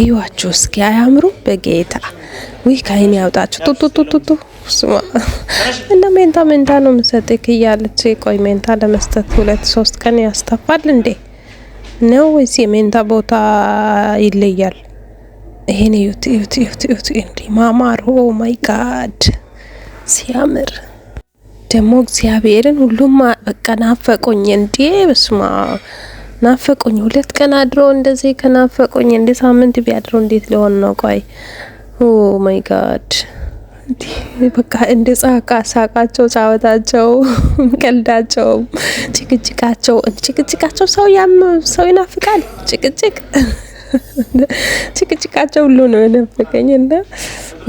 እዩዋችሁ እስኪ አያምሩ? በጌታ ውይ ከአይኔ ያውጣችሁ። ጡጡጡጡጡ ስማ፣ እንደ ሜንታ ሜንታ ነው የምሰጥክ እያለች ቆይ፣ ሜንታ ለመስጠት ሁለት ሶስት ቀን ያስተፋል እንዴ ነው ወይስ የሜንታ ቦታ ይለያል? ይሄን እዩት እዩት እዩት እዩት እንዴ ማማር! ኦ ማይ ጋድ ሲያምር ደግሞ እግዚአብሔርን ሁሉም በቃ ናፈቆኝ እንዴ በስማ ናፈቁኝ። ሁለት ቀን አድሮ እንደዚህ ከናፈቁኝ እንደ ሳምንት ቢያድሮ እንዴት ሊሆን ነው? ቆይ ኦ ማይ ጋድ በቃ እንደ ጻቃ ሳቃቸው፣ ጫወታቸው፣ ቀልዳቸው፣ ጭቅጭቃቸው ጭቅጭቃቸው ሰው ያም ሰው ይናፍቃል። ጭቅጭቅ ጭቅጭቃቸው ሁሉ ነው የናፈቀኝ እና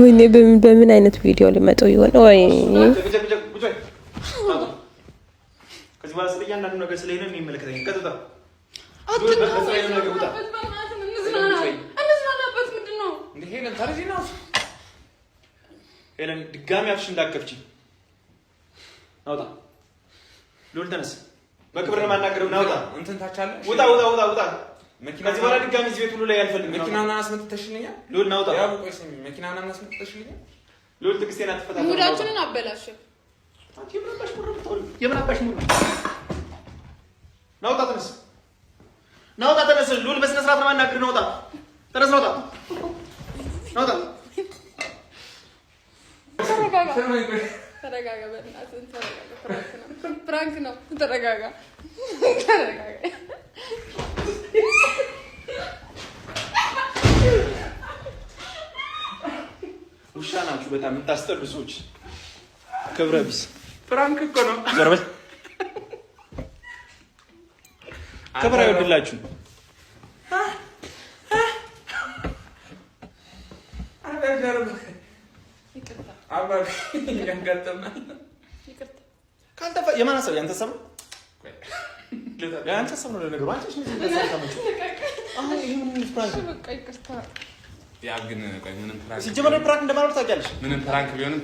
ወይኔ በምን በምን አይነት ቪዲዮ ሊመጡ ይሆን? ወይ ከዚህ በኋላ ስለ እያንዳንዱ ነገር ስለሄደ የሚመለከተኝ ቀጥታ ሄለን፣ ድጋሚ አፍሽ እንዳከፍቺ ናውጣ። ሉል ተነስ፣ በክብር ለማናገረው ናውጣ። እንትን ታቻለ ውጣ፣ ውጣ፣ ውጣ፣ ውጣ። መኪና ከዚህ በኋላ ድጋሚ እዚህ ቤት ሁሉ ላይ አልፈልግም። መኪና እና አስመጥተሽልኛል። ሉል ናውጣ። ያው ቆይ ስሚ፣ መኪና እና አስመጥተሽልኛል። ሉል ትዕግስቴን አትፈታም። ሙዳችንን አበላሽ። የምን አባሽ ሙድ ነው? ናውጣ ተነስ። ሉል በስነ ስርዓት ለማናገር ማናገር። ናውጣ ተነስ። ናውጣ ናውጣ። ተረጋጋ፣ ፕራንክ ነው። ተረጋጋ። ውሻ ናችሁ በጣም የምታስጠሉ ሰዎች፣ ክብረ ቢስ ፕራንክ እኮ ነው። ክብር አይወድላችሁ። የማን ሀሳብ? ያንተ ሰብ ነው። ያንተ ሰብ ነው። ለነገሩ ሲጀመር ፕራንክ እንደማለት ታውቂያለሽ። ምንም ፕራንክ ቢሆንም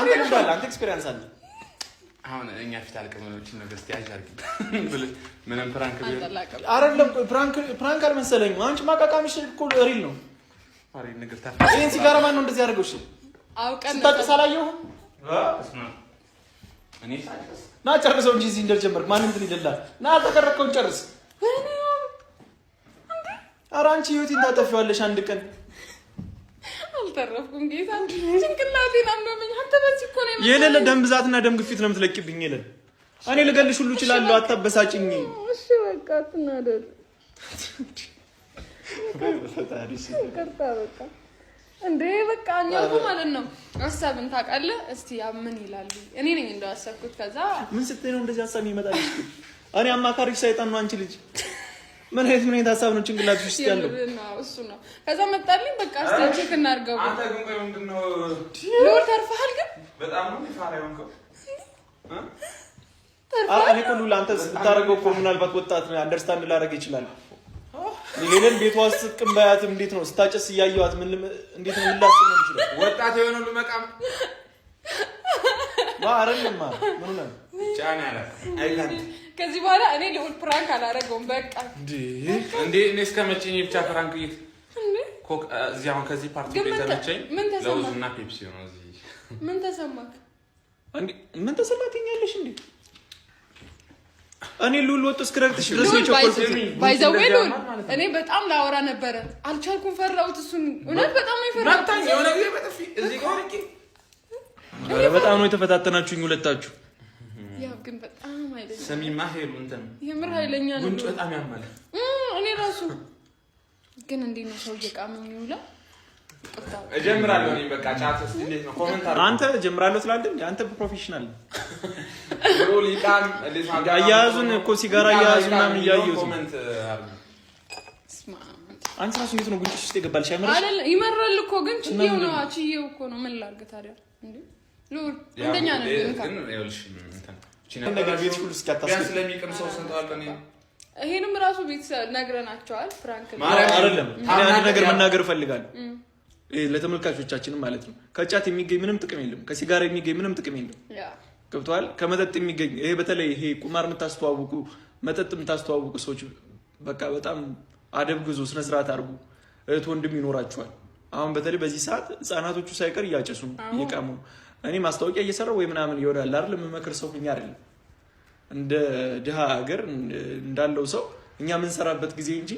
አንተ ኤክስፔሪንስ አሁን እኛ ፊት አልቀመኖችን ነው ገስቲ ያዥ ምንም ፕራንክ ቢሆን አይደለም ፕራንክ አልመሰለኝም። አንቺ ማቃቃሚሽ እኮ ሪል ነው። አሪ ሲጋራ ማን ነው እንደዚህ አድርገውሽ? አውቀን ስታጨስ አላየሁም። ና ጨርሰው እንጂ እዚህ እንደጀመርክ ማንም እንትን ይልልሃል። ና አልተቀረከውን ጨርስ። ኧረ አንቺ ህይወት ታጠፊዋለሽ አንድ ቀን አልተረፍኩም። ጌታ ጭንቅላቴን አመመኝ። አንተ በዚህ እኮ ነው የሌለ ደም ብዛትና ደም ግፊት ነው የምትለቅብኝ። የሌለ እኔ ልገልሽ ሁሉ እችላለሁ። አታበሳጭኝ። እሺ በቃ ትናደር። ይቅርታ በቃ እንዴ በቃ እኛ ማለት ነው ሀሳብን ታውቃለህ። እስቲ ምን ይላሉ? እኔ ነኝ እንደው ያሰብኩት። ከዛ ምን ስትይ ነው እንደዚህ ሀሳብ ይመጣል? እኔ አማካሪሽ ሰይጣን ነው አንቺ ልጅ ምን አይነት ምን አይነት ሀሳብ ነው ጭንቅላት ውስጥ ያለው? እሱ ነው። ከዛ መጣልኝ በቃ አስተንቼክ እናድርገው። አንተ ግን ቆይ ምንድነው ልውል ተርፈሃል? ግን በጣም ነው ይፋራ ይሆንከው አንተ ስታደርገው እኮ ምናልባት ወጣት ነው አንደርስታንድ ላደርግ ይችላል። ሌለን ቤቷ ስትቅም ባያት እንዴት ነው ስታጨስ እያየዋት ምን እንዴት ነው ምላስ ነው ይችላል። ወጣት የሆነ ሁሉ መቃም ባ አረንማ ምን ነው ጫና ያለ አይካንት ከዚህ በኋላ እኔ ልዑል ፕራንክ አላደረገውም። በቃ እንዴ እኔ እስከ መቼኝ ብቻ ፕራንክ እዚህ አሁን ከዚህ ፓርቲ ቤተመቸኝ ለውዝና ፔፕሲ ነው። እዚህ ምን ተሰማክ? ምን ተሰማትኛለሽ? እንዴ እኔ ሉል ወጥ እስክረግጥሽ ድረስ ባይዘዌ ልዑል እኔ በጣም ላወራ ነበረ አልቻልኩም፣ ፈራሁት። እሱን እውነት በጣም ነው የፈራሁት። በጣም ነው የተፈታተናችሁኝ ሁለታችሁ። ያው ግን በጣም አይደለም። ስሚማ ሄሉ እንትን የምር ኃይለኛ ነው። ጉንጭ በጣም ያማል። እኔ ራሱ ግን እንዴት ነው ሰው እየቃመ የሚውለው? እጀምራለሁ እኔ በቃ ጫት ውስጥ እንዴት ነው ኮመንት አድርገው። አንተ እጀምራለሁ ትላለህ። አንተ ፕሮፌሽናል አያያዙን እኮ ሲጋራ አያያዙ ምናምን እያየሁት አንቺ ራሱ እንዴት ነው ጉንጭሽ ውስጥ የገባልሽ? ይመራል እኮ ግን ችዬው ነው ችዬው እኮ ነው። ምን ላድርግ ታዲያ? እንደኛ ነው ይሄንም ራሱ ቤት ነግረናቸዋል። ፍራንክ አይደለም አንድ ነገር መናገር እፈልጋለሁ ለተመልካቾቻችንም ማለት ነው። ከጫት የሚገኝ ምንም ጥቅም የለም። ከሲጋራ የሚገኝ ምንም ጥቅም የለም። ገብተዋል። ከመጠጥ የሚገኝ ይሄ በተለይ ይሄ ቁማር የምታስተዋውቁ መጠጥ የምታስተዋውቁ ሰዎች በቃ በጣም አደብ ግዙ፣ ስነስርዓት አድርጉ። እህት ወንድም ይኖራችኋል። አሁን በተለይ በዚህ ሰዓት ህጻናቶቹ ሳይቀር እያጨሱ ነው፣ እየቃሙ ነው። እኔ ማስታወቂያ እየሰራው ወይ ምናምን ይሆናል አይደል? የምመክር ሰው ሁኛ አይደለም። እንደ ድሃ ሀገር እንዳለው ሰው እኛ የምንሰራበት ጊዜ እንጂ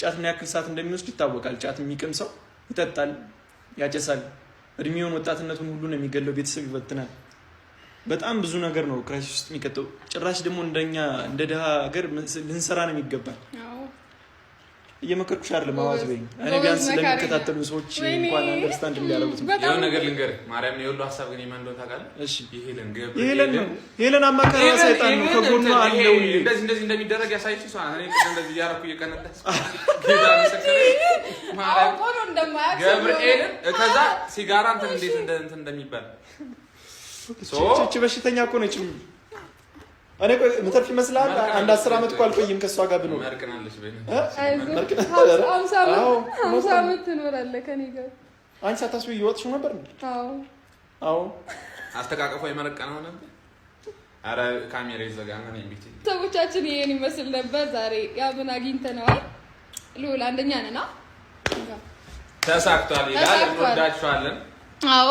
ጫት ምን ያክል ሰዓት እንደሚወስድ ይታወቃል። ጫት የሚቅም ሰው ይጠጣል፣ ያጨሳል፣ እድሜውን ወጣትነቱን ሁሉ ነው የሚገለው። ቤተሰብ ይበትናል። በጣም ብዙ ነገር ነው ክራይሲስ ውስጥ የሚከተው። ጭራሽ ደግሞ እንደኛ እንደ ድሃ ሀገር ልንሰራ ነው የሚገባል። እየመከርኩሽ አይደለም። አዋዝ እኔ ቢያንስ ለሚከታተሉ ሰዎች እንኳን አንደርስታንድ እንዲያደርጉት ያው ነገር ልንገር፣ ማርያም ነው የሁሉ ሀሳብ ግን የማን እንደሆነ ታውቃለህ? እሺ የሄለን ገብር የሄለን ነው የሄለን አማካሪ ሰይጣን ነው። ከጎኑ አለው እንደዚህ እንደዚህ እንደሚደረግ ያሳየች እሷ እኔ ቅድም እንደዚህ እያደረኩ እየቀነጠስ ጌታ መሰከረ ገብርኤልን ከዛ ሲጋራ እንትን እንዴት እንትን እንደሚባል ቺቺ በሽተኛ እኮ ነች። እኔ ቆይ ምትርፍ ይመስላል። አንድ አስር ዓመት እኮ አልቆይም ከእሷ ጋር ብኖር። አንቺ ሳታስቢው እየወጥሽው ነበር። አዎ አስተቃቀፏ የመረቀና ሆነ። አረ ካሜራ ይዘጋና ቤት። ሰዎቻችን ይሄን ይመስል ነበር ዛሬ። ያብን አግኝተነዋል። ልውል አንደኛ ነና ተሳክቷል ይላል። እንወዳችኋለን። አዎ